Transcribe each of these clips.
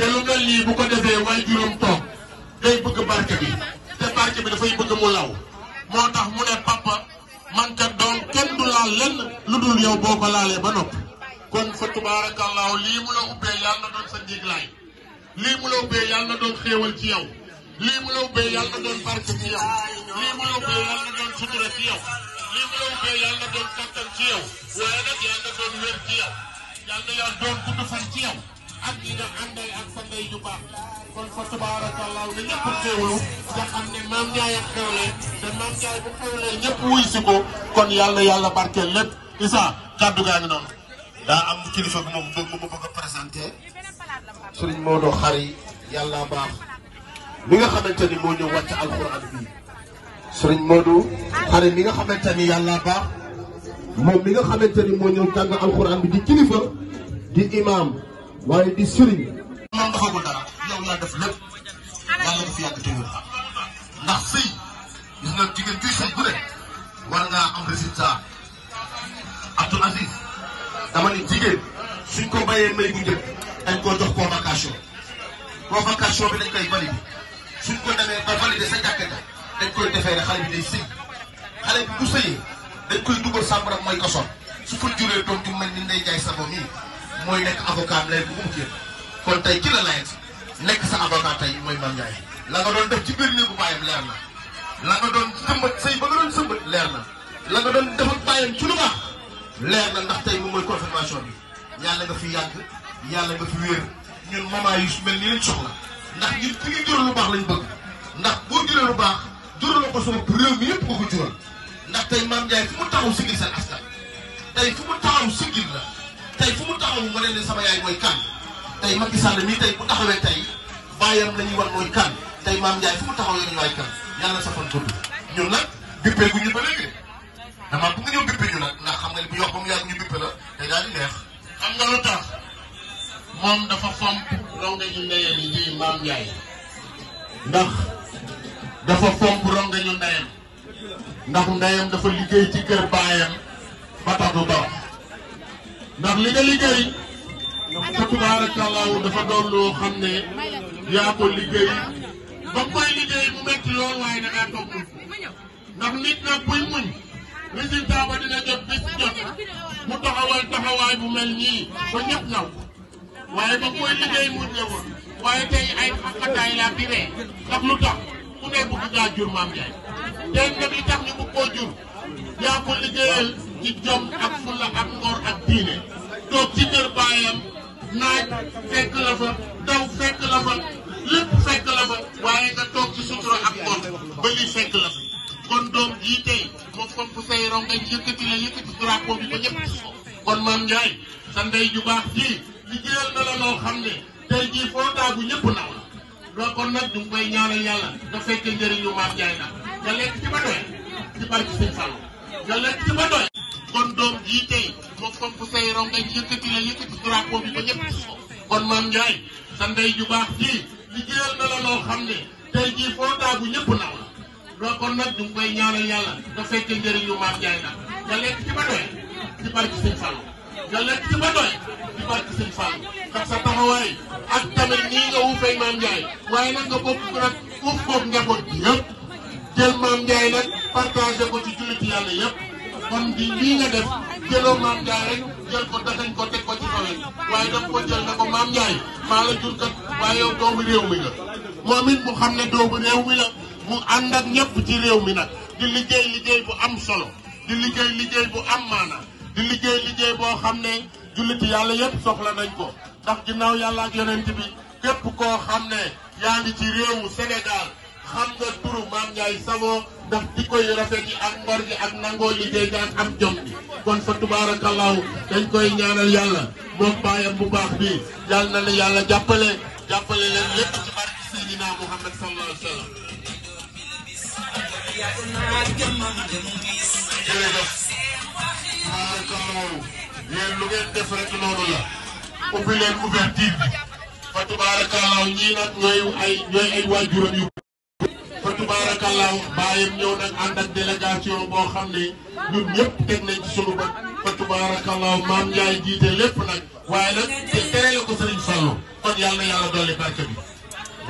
te lu mel nii bu ko defee way juróom toog day bëgg barke bi te barke bi dafay bëgg mu law moo tax mu ne papa man kat doom kenn du laal lenn lu dul yow boo laalee ba noppi. kon fa tubaarakallaahu lii mu la ubbee yàlla na doon sa njiglaay lii mu la ubbee yàlla na doon xéewal ci yow lii mu la ubbee yàlla na doon barke ci yow lii mu la ubbee yàlla na doon sutura ci yow lii mu la ubbee yàlla doon kattan ci yow waaye yàlla doon wér ci yow yàlla na doon gudd ak ñi nga àndal ak sa ndey kon fa tabaarakallaahu ne ñëpp teewlu nga xam ne maam Ndiaye ak xewle te maam Ndiaye bu xewlee ñëpp wuy si ko kon yàlla yàlla barkeel lépp Issa kàddu gaa ngi noonu. daa am kilifa bu ma bëgg ma bëgg a présenté sëriñ Maodo Xari yàlla baax nga xamante ni moo ñëw wàcc alxuraan bi sëriñ Maodo Xari mi nga xamante ni yàlla baax moom mi nga xamante ni moo ñëw jàng alxuraan bi di kilifa di imam. waaye di sëriñ. moom defagul dara yow yaa def lépp yàlla def yàgg te ndax sëy gis nga jigéen kuy sëy bu ne suñ ko bayee may dañ koo jox convocation convocation bi koy validé suñ ko demee ba validé dañ koy defee ne xale bi day sëy xale bi bu sëyee dañ mooy ko su fa juree doom ju mel ni ndey jaay sa doom mooy nekk avocat lay bu mu génn kon tey ki la nekk sa avocat tey mooy Mame Ndiaye la nga doon def ci biir néegu bàyyam leer na la nga doon sëmbat sëy ba nga doon leer na la nga doon def ak bàyyam ci lu baax leer na ndax tey moom mooy confirmation bi yàlla nga fi yàgg yàlla nga fi wéer ñun moment yu mel ni lañ soxla ndax ñun fi ñu jural lu baax lañ bëgg ndax boo jural lu baax la ko sama réew mi yëpp nga ko jural ndax tey Mame Ndiaye fu mu si sigil seen askan tey fu mu taxaw sigil la tey fu mu taxaw ma ne sama yaay mooy kan tey Macky Sall mii tey bu taxawee tey bàyyam la ñuy war mooy kan tey maam Ndiaye fu mu taxaw yow waay kan yàlla sa fan gudd ñun nag bippee gu ñu ba léegi dama bu nga ñëw bippee ñu nag ndax xam nga bu yokk mu yàgg ñu bippe la day daal di neex. xam nga lu tax moom dafa ndeyam yi maam Ndiaye ndax dafa fomp rongañu ndeyam ndax ndeyam dafa liggéey ci kër baayam ba tax du ndax li nga liggéey fa tabaarakallaahu dafa doon loo xam ne yaa ko liggéey ba koy liggéey mu métti lool waaye da ngaa toog ndax nit nag buy muñ résultat ba dina jot bés jot mu taxawal taxawaay bu mel nii ba ñëpp naw waaye ba koy liggéey muñ la woon waaye tey ay xaqataay laa di ndax lu tax ku ne bëgg ngaa jur maam Ndiaye. tey nag li tax ñu bëgg koo jur yaa ko liggéeyal. ci jom ak fulla ak ngor ak diine toog ci kër baayam naaj fekk la fa daw fekk la fa lépp fekk la fa waaye nga toog ci sutura ak ngor ba fekk la fa kon doom jii tey moom comme bu say rongañ yëkkati la yëkkati drapeau bi ba ñëpp kon maam Ndiaye sa ndey ju baax jii liggéeyal na la loo xam ne tey jii foo daagu ñëpp naaw la kon nag du koy ñaanal yàlla nga fekkee njëriñu maam Ndiaye nag nga lekk ci ba ci barke Sëñ Fallou nga lëkk ci ba doy. kon doom jii tey moo fomp say rongañ yëkkati la yëkkati drapeau bi ba ñëpp gis ko. kon maam Ndiaye sa ndey ju baax jii liggéeyal na la loo xam ne tey jii foo daagu ñëpp naaw la. loo kon nag du koy ñaanal yàlla nga fekke njëriñu maam Ndiaye nag nga lekk ba doy ci barke Sëñ Fallou nga lekk ci ba doy ci barke Sëñ Fallou ndax sa taxawaay ak tamit nii nga wuufee maam Ndiaye waaye nag nga bokk nag uuf boobu njaboot bi yëpp. jël maam Ndiaye nag partagé ko ci jullit yàlla yëpp kon di lii nga def jëloo maam Ndiaye rek jël ko dafañ ko teg ko ci kawen waaye daf ko jël na ko maam Ndiaye maa la jur kat waaye yow doomu réew mi nga moom it mu xam ne doomu réew mi la mu ànd ak ñëpp ci réew mi na di liggéey liggéey bu am solo di liggéey liggéey bu am maana di liggéey liggéey boo xam ne julliti yàlla yëpp soxla nañ ko ndax ginnaaw yàlla ak yonent bi képp koo xam ne yaa ngi ci réewu Sénégal xam nga turu maam Ndiaye Savon ndax jikko yu rafet yi ak ngor gi ak nangoo liggéey ak am jom bi kon fa tubaarakallaahu dañ koy ñaanal yàlla moom baayam bu baax bi yàlla na la yàlla jàppale jàppale leen lépp ci barke Muhammad sallallahu alayhi def tubaarakallaahu ñii nag ñooy ay ñooy ay waajuram yu tabaarakallaahu bàyyam ñëw nag ànd ak délégation boo xam ne ñun ñëpp teg nañ ci sunu bët fa tabaarakallaahu maam Ndiaye jiite lépp nag waaye nag te tere la ko Serigne Fallou kon yàlla na yàlla dolli barke bi.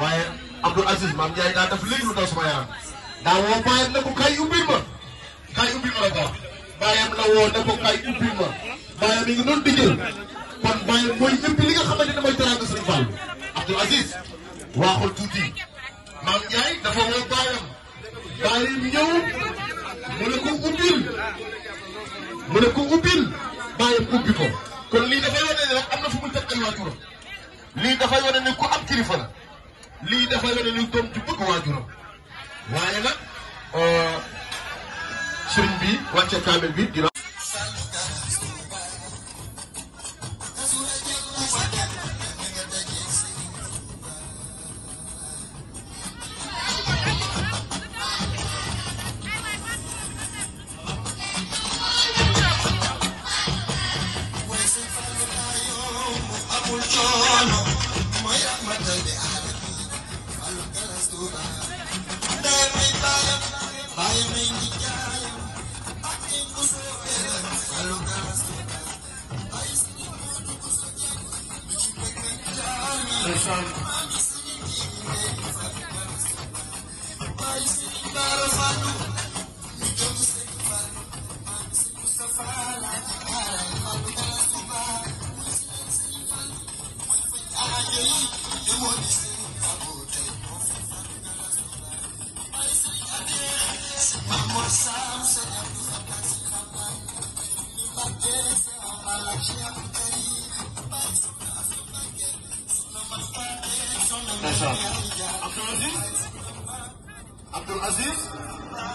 waaye Abdou Aziz maam Ndiaye daa def léegi lu daw sama yaram daa woo bàyyam na ko kay ubbil ma kay ubbil ma la ko wax bàyyam la woo na kay ubbil ma bàyyam yi ngi doon digal kon mooy ñëpp li nga xamante ne mooy teraanga Serigne Fallou Abdou Aziz waxul tuuti. maam Ndiaye dafa woo baayam baayam ñëw mu ne ko ubbil mu ne ko ubbil baayam ubbi ko kon lii dafay wane ne rek am na fu mu teg ay waajuram lii dafay wane ne ku am kilifa la lii dafay wane ne doom ju waajuram waaye nag euh, sëriñ bi wàcce kaamil bi Ndeysaan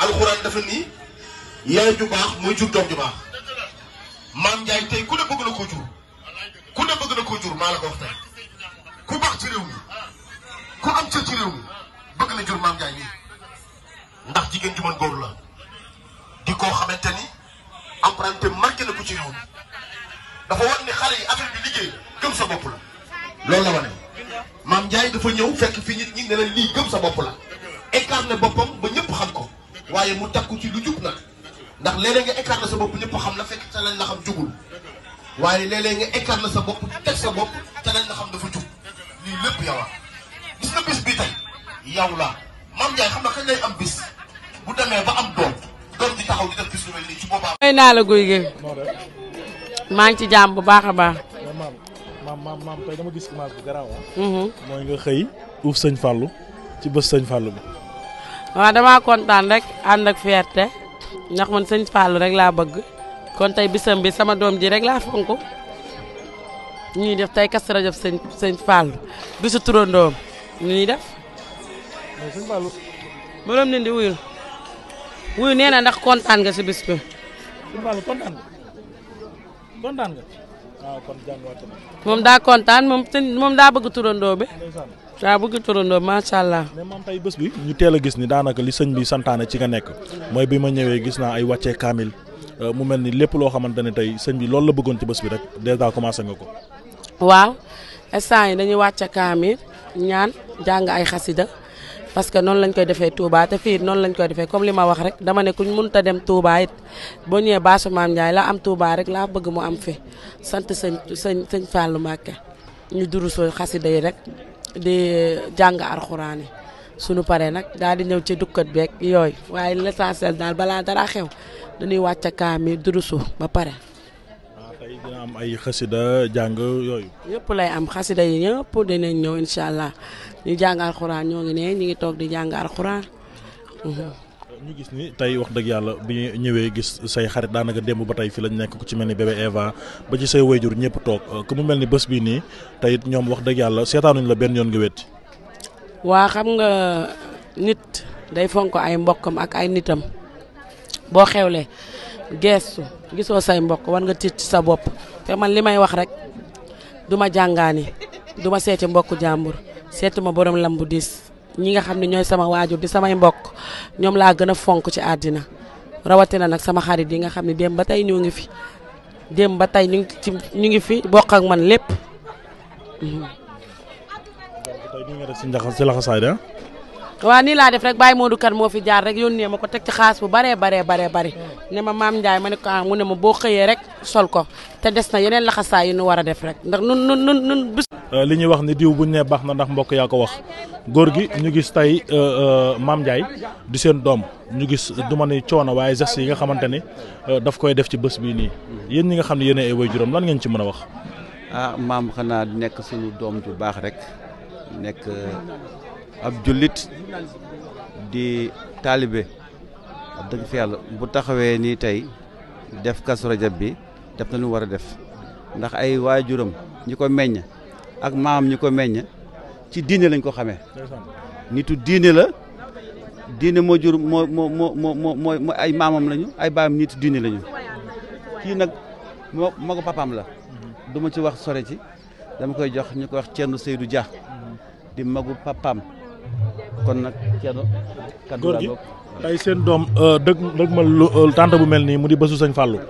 alxuraan dafa nii yaay ju baax mooy jur doom ju baax maam Ndiaye tey ku ne bëgg na koo jur ku ne bëgg na koo jur baax ci réew mi ku am ci réew na jur maam Ndiaye nii ndax jigéen ju mën la di koo xamante ni empreinte marqué na ko ci réew dafa war ni xale yi affaire bi liggéey gëm sa bopp la loolu la wane maam Ndiaye dafa ñëw fekk fi nit ñi lii gëm sa bopp la écarté boppam ba ñëpp xam ko waaye mu takku ci lu jub nag ndax léeg-léeg nga écarté sa bopp ñëpp xam na fekk te lañ la xam jugul waaye léeg-léeg nga écarté sa bopp teg sa bopp te lañ la xam dafa jub lii lépp yow gis nga bis bi tey yow la maam Ndiaye xam nga kañ lay am bis bu demee ba am doom doom taxaw di def bis lu mel nii boobaa. may naa la guy maa ngi ci jàmm bu baax a baax. maam maam maam tey dama gis image bu garaaw ah. mhm. mooy nga xëy uuf sëñ Fallou ci bés sëñ Fallou bi. waaw damaa kontaan rek ànd ak fierté ndax man sëñ Fallou rek laa bëgg kon tey bisam bi sama doom ji rek laa fonk ñuy def tey Kazu Rajab sëñ sëñ bisu turandoom nu ñuy def. waaw sëñ Fallou. borom di wuyu wuyu nee na ndax kontaan nga si bis bi. Ah, kon jàmm waat daa kontaan moom sëñ moom daa bëgg turandoo bi. waaw bëgg turandoo macha allah. mais maam tey bés bi ñu teel a gis ni daanaka li sëñ bi santaane ci nga nekk mooy bi ma ñëwee gis naa ay wàccee kaamil euh, mu mel ni lépp loo xamante ne tey sëñ bi loolu la bëggoon ci bés bi rek dèjà commencé nga ko. waaw instant yi dañuy wàcce kaamil ñaan jàng ay xasida parce que noonu lañ koy defee Touba te fii noonu lañ koy defee comme li ma wax rek dama ne kuñ mënut a dem Touba it boo ñëwee baasu maam la am Touba laa bëgg mu am fi sant sëñ sëñ sëñ Fallou Mbacké ñu duru soo xasida rek. di eh, jàng alxuraan yi sunu paree nag daal di ñëw ci dukkat beeg yooyu waaye l'essentiel daal balaa dara xew dañuy wàcc kaami dursu ba pare. Ah, tey dina am ay xasida jàng yooyu. yépp lay am xasida yi ñëpp dinañ ñëw incha allah ñu jàng alxuraan ñoo ngi ne ñu ngi toog di jàng alxuraan. Mhm. ñu gis ni tey wax dëgg yàlla bi ñëwee gis say xarit daanaka démb ba tey fii lañu nekk ku ci mel ni bébé Eva ba ci say wayjur ñëpp toog euh, ku mu mel ni bés bii nii tey ñoom wax dëgg yàlla seetaanuñ la benn yoon nga wéet. waa xam nga nit day fonk ay mbokkam ak ay nitam boo xewlee geestu gisoo say mbokk war nga tiit ci sa bopp te man li may wax rek duma jàngaani duma seeti mbokku jàmbur seetuma borom lambu diis ñi nga xam ne ñooy sama waajur di samay mbokk ñoom laa gën a fonk ci àddina rawatina nag sama xarit yi nga xam ne démb ba tey ñoo ngi fi démb ba tey ñu ngi ñu ngi fi bokk ak man lépp. si laxasaay ah? waa nii laa def rek Baye Modou Kane moo fi jaar rek yónnee ma ko teg ci xaas bu baree baree baree bari ne ma maam Ndiaye ma ne ko ah mu ne boo xëyee rek sol ko te yeneen laxasaay yu nu war a def rek ndax nun nun nun nun euh, li ñuy wax ni diw buñ ne baax na ndax mbokk yaa ko wax góor gi ñu gis tey euh, euh, maam Ndiaye di seen doom ñu gis ma ni coono waaye gestes yi nga xamante ni daf koy def ci bés bii nii yéen ñi nga xam ne yéen ay juróom lan ngeen ci mën a wax ah maam xanaa nekk suñu doom ju baax rek nekk ab jullit di taalibe ab dëgg fi yàlla bu taxawee nii tey def kasu rajab bi def na lu war a def ndax ay waajuram ñi ko meññ ak maam ñi ko meññ ci diine lañ ko xamee nitu diine la diine moo jur moo moo moo moo moo ay maamam lañu ay baayam nitu diine lañu kii nag moo magu ko papaam la duma ci wax sore ci dama koy jox ñu ko wax Thierno Seydou Dia di magu papaam kon nag Thierno. kaddu góor gi tey seen doom euh, dëgg dëgg ma lu euh, tànt bu mel nii mu di bësu sëñ Fallou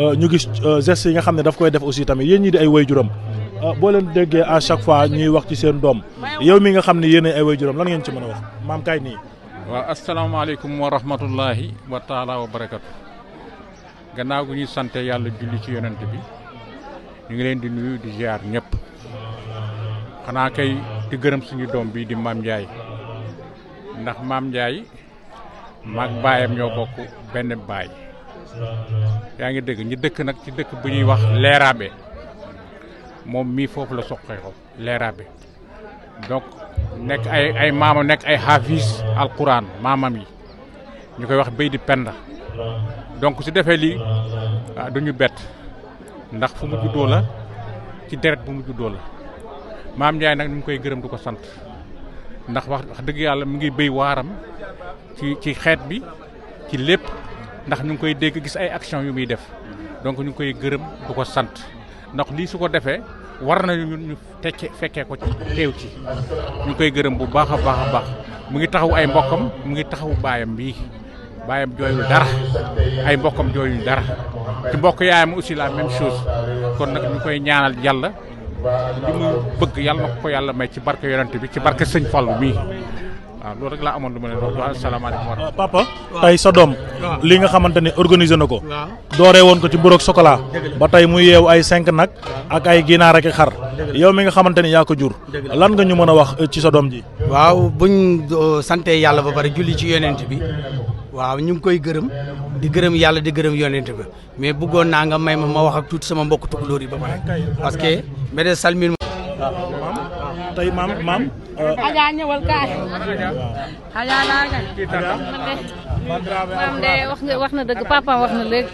euh, ñu gis gestes yi nga xam ne daf koy def aussi tamit yéen ñi di ay waajuram boo leen déggee à chaque fois ñuy wax ci seen doom yow mi nga xam ni yéen ay waajuram lan ngeen ci mën a wax maam kaay nii. waaw asalaamaaleykum wa rahmatullahi wa taala wa barakatu gannaaw gu ñuy sante yàlla julli ci yonent bi ñu ngi leen di nuyu di ziar ñëpp xanaa kay. di gërëm suñu doom bii di maam Ndiaye ndax maam Ndiaye maag baayam ñoo bokk benn baay yaa ngi dégg ñu dëkk nag ci dëkk bu ñuy wax Leerabe moom mii foofu la soqee ko Leerabe donc nekk ay ay maamam nekk ay hafiz alquran maamam yi ñu koy wax béy di penda donc su defee lii ah, duñu bett ndax fu mu juddoo la ci deret bu mu juddoo la. maam Ndiaye nag ñu ngi koy gërëm du ko sant ndax wax dëgg yàlla mu ngi béy waaram ci ci xeet bi ci lépp ndax ñu ngi koy dégg gis ay action yu muy def donc ñu ngi koy gërëm du ko sant ndax lii su ko defee war nañu ñu tecce fekkee ko ci teew ci ñu koy gërëm bu baax a baax baax mu ngi taxaw ay mbokkam mu ngi taxaw baayam bii baayam jooyul dara ay mbokkam jooyul dara ci mbokk yaayam aussi la même chose kon nag ñu koy ñaanal yàlla li ma bëgg yàlla na ko ko yàlla may ci barke yonent bi ci barke sëñ Fallu mii waaw loolu rek laa amoon lu ma leen wax waaw asalaamaaleykum wa rahmatulah. tey sa li nga xamante ne organisé na ko. dooree woon ko ci mburoog chocolat. ba tey mu yeew ay cinq nag. ak ay ginaar ak xar. yow mi nga xamante ni yaa ko jur. lan nga ñu mën a wax ci sa doom ji. waaw buñ uh, sante yàlla ba pare julli ci yonent bi. waaw ñu ngi koy gërëm di gërëm yàlla di gërëm yonent bi mais bëggoon naa nga may ma ma wax ak tuuti sama mbokk tukulóor yi ba pare parce que mbede salmin maam tey maam euh, ñëwal kaay ajaa laa gañ maam de wax nga wax na dëgg papa wax na léegi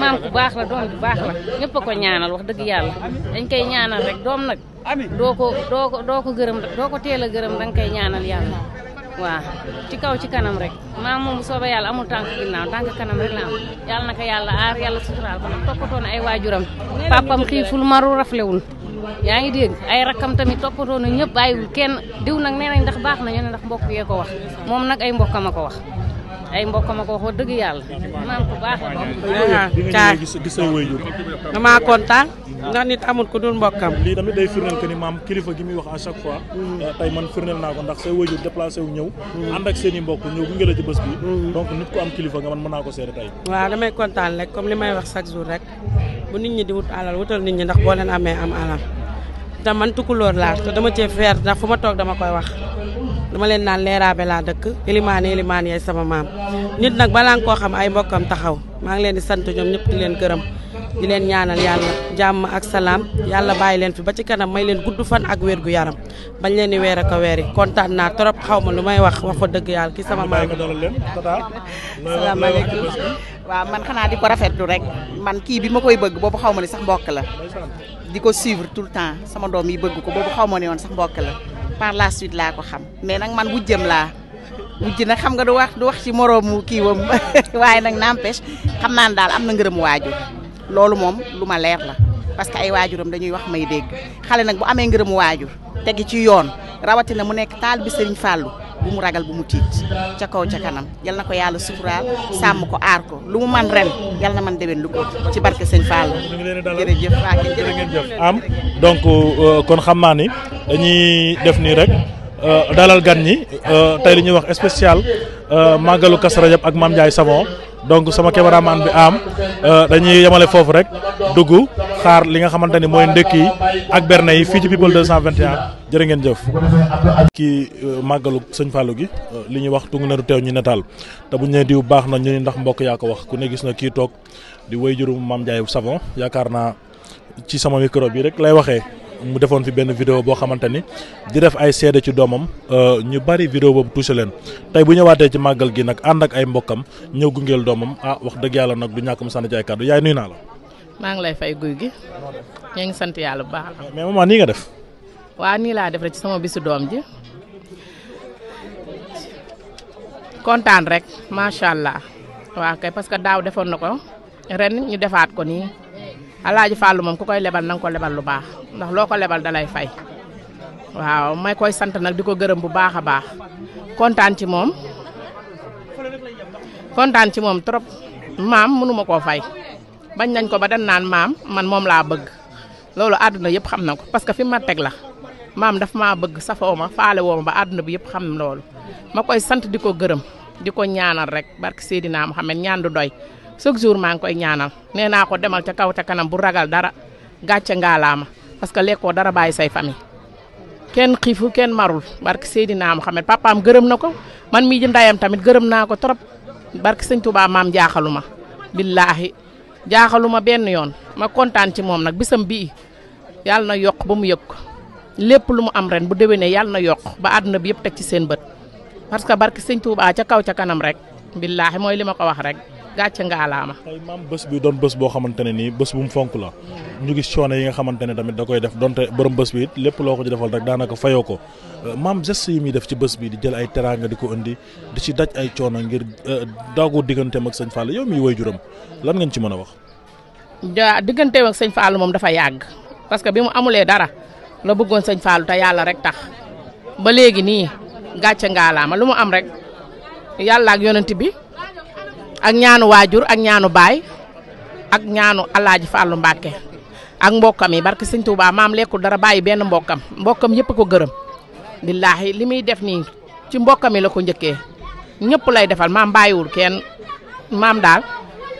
maam ku baax la doom bu baax la ñëpp ko ñaanal wax dëgg yàlla dañ koy ñaanal rek doom nag doo ko doo ko doo ko gërëm doo ko teel a gërëm danga koy ñaanal yàlla waaw ci kaw ci kanam rek maam moom bu soobee yàlla amul tànk ginnaaw tànk kanam rek la am yàlla naka yàlla aar yàlla suturaal ko nag toppatoo ay waajuram papam xiiful maru raflewul yaa ngi dégg ay rakkam tamit toppatoo na ñëpp bàyyiwul kenn diw nag nee nañ ndax baax na ñu ne ndax mbokk yee ko wax moom nag ay mbokkam a ko wax ay mbokk ma ko wax dëgg yàlla maam ku baax la caay gis say wayjur damaa kontaan ndax nit amul ku dul mbokkam lii tamit day firneel ni maam kilifa gi muy wax à chaque fois mm. eh, tey man firneel naa wu ñëw ànd ak seen i mbokk ñëw gunge la ci bés bi mm. donc nit ku am kilifa nga man mën naa ko seede tey waaw damay kontaan rek comme li may wax chaque jour rek bu nit ñi di wut alal wutal nit ñi ndax boo leen amee am alal te man tukulóor laa te dama cee feer ndax fu ma toog dama koy wax dama leen naan leeraabe laa dëkk ilimaan ilimaan yaay sama maam nit nag balaa nga koo xam ay mbokkam taxaw maa ngi leen di sant ñoom ñëpp di leen gërëm di leen ñaanal yàlla jàmm ak salaam yàlla bàyyi leen fi ba ci kanam may leen gudd fan ak wér gu yaram bañ leen di weer a weer kontaan naa trop xaw ma lu may wax wax fa dëgg yàlla ki sama maam salaamaaleykum waaw man xanaa di ko rafetlu rek man kii bi ma koy bëgg boobu xaw ma ne sax mbokk la di ko suivre tout le temps sama doom yi bëgg ko boobu xaw ma ne sax mbokk la par la suite laa ko xam mais nag man wujjam laa wujj nag xam nga du wax du wax ci moroomu kii wam waaye nag n'empêche xam naa ne daal am na ngërëm waajur loolu moom lu ma leer la parce que ay waajuram dañuy wax may dégg xale nag bu amee ngërëm waajur tegi ci yoon rawatina mu nekk taal bi Serigne Fallou bu mu ragal bu mu tiit ca kaw ca kanam yal na ko yàlla suturaal sàmm ko aar ko lu mu man ren yal na man déwén lu ko ci barke sëñ Fall jërëjëf am donc euh, kon xam naa ni dañuy def nii rek euh, dalal gan ñi euh, tey li ñuy wax spécial màggalu Kazu Rajab ak Mame Ndiaye Savon donc sama caméraman bi am euh, dañuy yemale foofu rek dugg xaar li nga xamante ni mooy ndékk yi ak berne yi fii ci de people 221 jërë ngeen jëf. kii euh, màggalu sëñ Fallou gi euh, li ñuy wax tungu naru teew ñu netaal te bu ñu nee diw baax na ñu ni ndax mbokk yaa ko wax ku ne gis na kii toog di way jurum Mame Ndiaye Savon yaakaar naa ci sama micro bi rek lay waxee. mu defoon fi benn vidéo boo xamante ni di def ay seede ci doomam euh, ñu bari vidéo boobu touché leen tey bu ñëwaatee ci màggal gi nag ànd ak ay mbokkam ñëw gungeel doomam ah wax dëgg yàlla nag du ñàkk mu sànni ci ay kàddu yaay nuyu naa la. maa ngi lay fay guy gi. ñu ngi sant yàlla bu baax la. mais maman nii nga def. waa nii laa def rek ci sama bisu doom ji kontaan rek macha allah. waaw kay parce daaw defoon na ko ren ñu defaat ko nii. alaaji Fàllu moom ku koy lebal na nga ko lebal lu baax ndax loo ko lebal dalay fay waaw may koy sant nag di ko gërëm bu baax a baax kontaan ci moom kontaan ci moom trop maam mënuma koo fay bañ nañ ko ba dan naan maam man moom laa bëgg loolu àdduna yëpp xam na ko parce que fi ma teg la maam daf maa bëgg safoo ma faale woo ba àdduna bi yëpp xam loolu ma koy sant di ko gërëm di ko ñaanal rek barke Seydina Muhammad ñaan du doy chaque jour maa ngi koy ñaanal nee naa ko demal ca kaw te kanam bu ragal dara gàcce ngaalaama parce que lekkoo dara bàyyi say famille kenn xiifu kenn marul barke Seydina Muhammad papaam gërëm na ko man mii di ndayam tamit gërëm naa ko trop barke sëñ Touba maam jaaxaluma billaahi jaaxaluma benn yoon ma kontaan ci moom nag bisam bii yàlla na yokk ba mu yëg ko lépp lu mu am ren bu déwénee yàlla na yokk ba àdduna bi yëpp teg ci seen bët parce que barke sëñ Touba ca kaw ca kanam rek billaahi mooy li ma ko wax rek gàcce ngaalaama. ay maam bés bi doon bés boo xamante ne nii bés bu mu fonk la. ñu coono yi nga xamante ne tamit da koy def donte borom bés bi it lépp loo ko ci defal rek daanaka fayoo ko euh, maam geste yi muy def ci bés bi di jël ay teraanga di ko indi di ci daj ay coono ngir euh, daagu digganteem ak sëñ Fall yow miy woy juram lan ngeen ci mën a wax. ja digganteem ak sëñ moom dafa yàgg parce que bi mu amulee dara la bëggoon sëñ Fall te yàlla rek tax ba léegi nii gàcce ngaalaama lu mu am rek yàlla ak yonent bi. ak ñaanu waajur ak ñaanu baay ak ñaanu alaaji Fàllu Mbàkke ak mbokkam yi barke sëñ Tuubaa maam lekkul dara bàyyi benn mbokkam mbokkam yëpp ko gërëm billaahi li muy def nii ci mbokkam yi la ko njëkkee ñëpp lay defal maam bàyyiwul kenn maam daal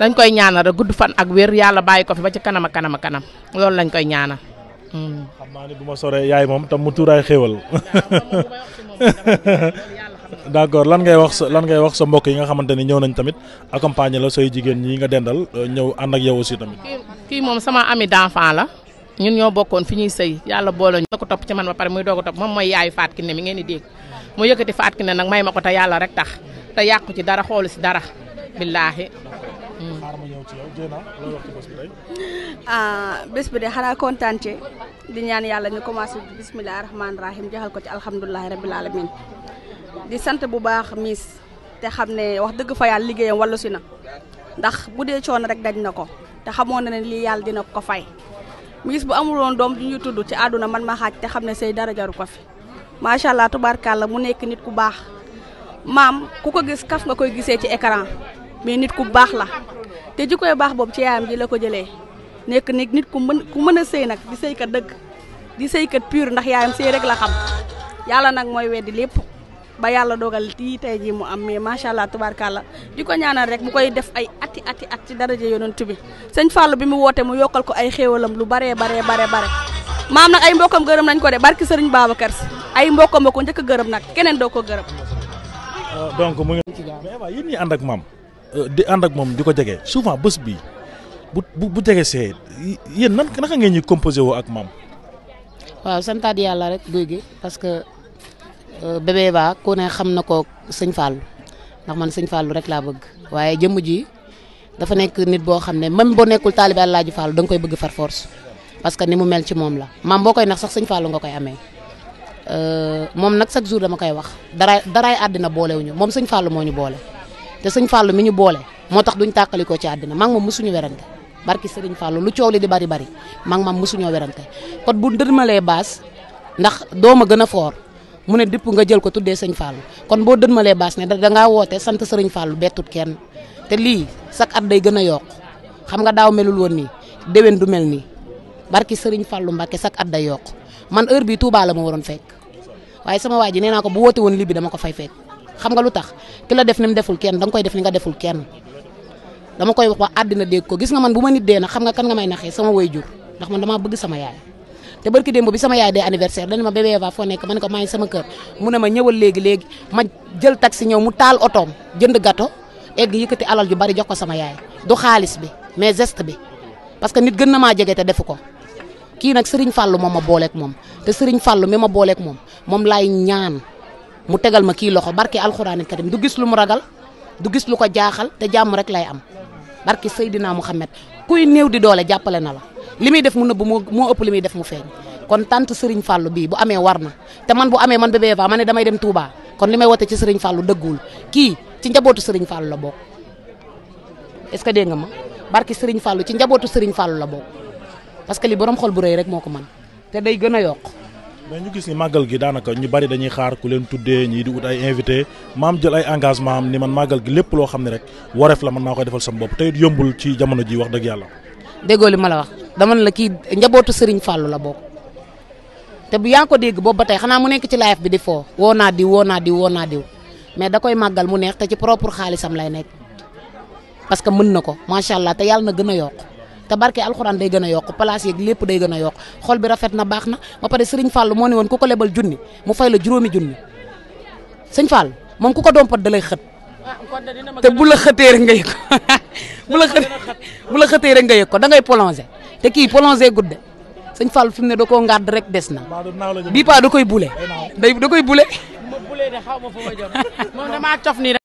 dañ koy ñaanal rek gudd fan ak wér yàlla bàyyi ko fi ba ci kanam a kanam a kanam loolu lañ koy ñaanal. xam naa ne moom tam d'accord lan ngay wax sa lan ngay wax sa mbokk yi nga xamante ni ñëw nañ tamit accompagner la say jigéen ñi nga dendal euh, ñëw ànd ak yow aussi tamit. kii moom sama ami d'enfant la ñun ñoo bokkoon fi ñuy sëy yàlla boole ñu. ko topp ci man ba pare muy doog a topp moom mooy yaayu Fatou Kiné mi ngeen di dégg mu yëkkati Fatou Kiné nag may ma ko te yàlla rek tax te yàqu ci dara xoolu si dara billaahi. Hmm. ah bés bi de xanaa kontaan di ñaan yàlla ñu commencé bisimilah rahmaani rahim jeexal ko ci alhamdulilah rabil alamin di sant bu baax miis te xam ne wax dëgg fa yàlla liggéeyam wàllu si na ndax bu dee coon rek daj na ko te xamoon na ne lii yàlla dina ko fay miis bu amul woon doom du ñu tudd ci àdduna man ma xaaj te xam ne say dara jaru ko fi macha allah la mu nekk nit ku baax maam ku ko gis kaf nga koy gisee ci écran mais nit ku baax la te jikkoy baax boobu ci yaayam ji la ko jëlee nekk nit nit ku mën ku mën a sëy nag di sëykat dëgg di sëykat pur ndax yaayam sëy rek la xam yàlla nag mooy weddi lépp. ba yàlla dogal lii tey jii mu am mais macha allah tubaarkàlla di ko ñaanal rek mu koy def ay ati ati at ci daraja yonent bi sëñ Fallou bi mu woote mu yokkal ko ay xéewalam lu baree baree bare bare maam nag ay mbokkam gërëm nañ ko de barki sëriñ Babacar Si ay mbokkam ba ko njëkk gërëm nag keneen doo ko gërëm euh, donc mu ngi mais Eva yéen ñi ànd ak maam euh, di ànd ak moom di ko jege souvent bés bi bu bu bu jege see yéen nan naka ngeen ñuy composé woo ak maam waaw santaat yàlla rek guy gi parce que Euh, bébé Eva ku ne xam na ko sëñ Fallou ndax man sëñ fàllu rek laa bëgg waaye jëmm ji dafa nekk nit boo xam ne man boo nekkul taalibe Alaaji Fallou da koy bëgg far force parce que ni mu mel ci moom la man boo koy nax sax sëñ Fallou nga koy amee euh, moom nag chaque jour dama koy wax dara daraay àddina boolewuñu moom sëñ fàllu moo ñu boole te sëñ fàllu mu ñu boole moo tax duñ tàqalikoo ci àddina maa ngi moom mosuñu werante barki sëriñ Fallou lu coow li di bari bari maa ngi moom mosuñoo werante kon bu ndërmalee baas ndax dooma gën a foor mu ne dipp nga jël ko tuddee sëñ Fallou kon boo dënmalee baas ne da ngaa woote sant sëriñ Fallou bettut kenn te lii chaque at day gën a yokk xam nga daaw melul woon nii déwén du mel nii barki sëriñ Fallou Mbacke chaque at day yokk man heure bii Touba la ma waroon fekk waaye sama waa nee naa ko bu woote woon lii bi dama ko fay fekk xam nga lu tax ki la def ni deful kenn da koy def ni nga deful kenn dama koy wax ba àddina dégg ko gis nga man bu ma nit dee na xam nga kan nga may naxee sama waajur ndax man damaa bëgg sama yaay. te barki démb bi sama yaay day anniversaire dana ma bébé Eva foo nekk ma ne ko maa ngi sama kër mu ne ma ñëwal léegi léegi ma jël taxi ñëw mu taal otoom jënd gâteau egg yëkkati alal ju bari jox ko sama yaay du xaalis bi mais geste bi parce que nit gën na maa jege te defu ko kii nag Serigne fàllu moom ma booleeg moom te Serigne Fallou mi ma booleeg moom moom laay ñaan mu tegal ma kii loxo barki alxuraan karim du gis lu mu ragal du gis lu ko jaaxal te jàmm rek lay am barke Seydina Mouhamed kuy néew di doole jàppale na la. li muy def mu nëbb moo moo ëpp li muy def mu feeñ kon tant Serigne Fallou bii bu amee war na te man bu amee man Bébé Eva ma ne damay dem Touba kon li may wote ci Serigne Fallou dëggul kii ci njabootu Serigne Fallou la bokk est-ce que dégg nga ma barki Serigne Fallou ci njabootu Serigne Fallou la bokk parce que li borom xol bu rëy rek moo ko man te day gën a yokk. mais ñu gis ni màggal gi daanaka ñu bari dañuy xaar ku leen tuddee ñii di ut ay invité maam jël ay engagement am ni man màggal gi lépp loo xam ne rek wareef la mën maa koy defal sama bopp te it yombul ci jamono ji wax dëgg yàlla. dama ne la kii njabootu Serigne Fallou la bokk te bu yaa ko dégg boobu ba tey xanaa mu nekk ci live bi di foo woo naa diw woo naa diw woo naa diw mais da koy màggal mu neex te ci propre xaalisam lay nekk parce que mën na ko macha allah te yàlla na gën a yokk te barke alxuraan day gën a yokk place yeeg lépp day gën a yokk xol bi rafet na baax na ba pare Serigne Fallou moo ne woon ku ko lebal junni mu fay la juróomi junni sëñ Fall moom ku ko dompat da lay xët te bu la xëtee rek nga yëg ko bu la rek nga yëg ko da ngay prolongé te kii prolongé gudde sëñ Fall fi mu ne da koo ngàdd rek des na bii paa da koy bule day da koy bule ma bule de xaw ma fa ma jëm moom damaa cof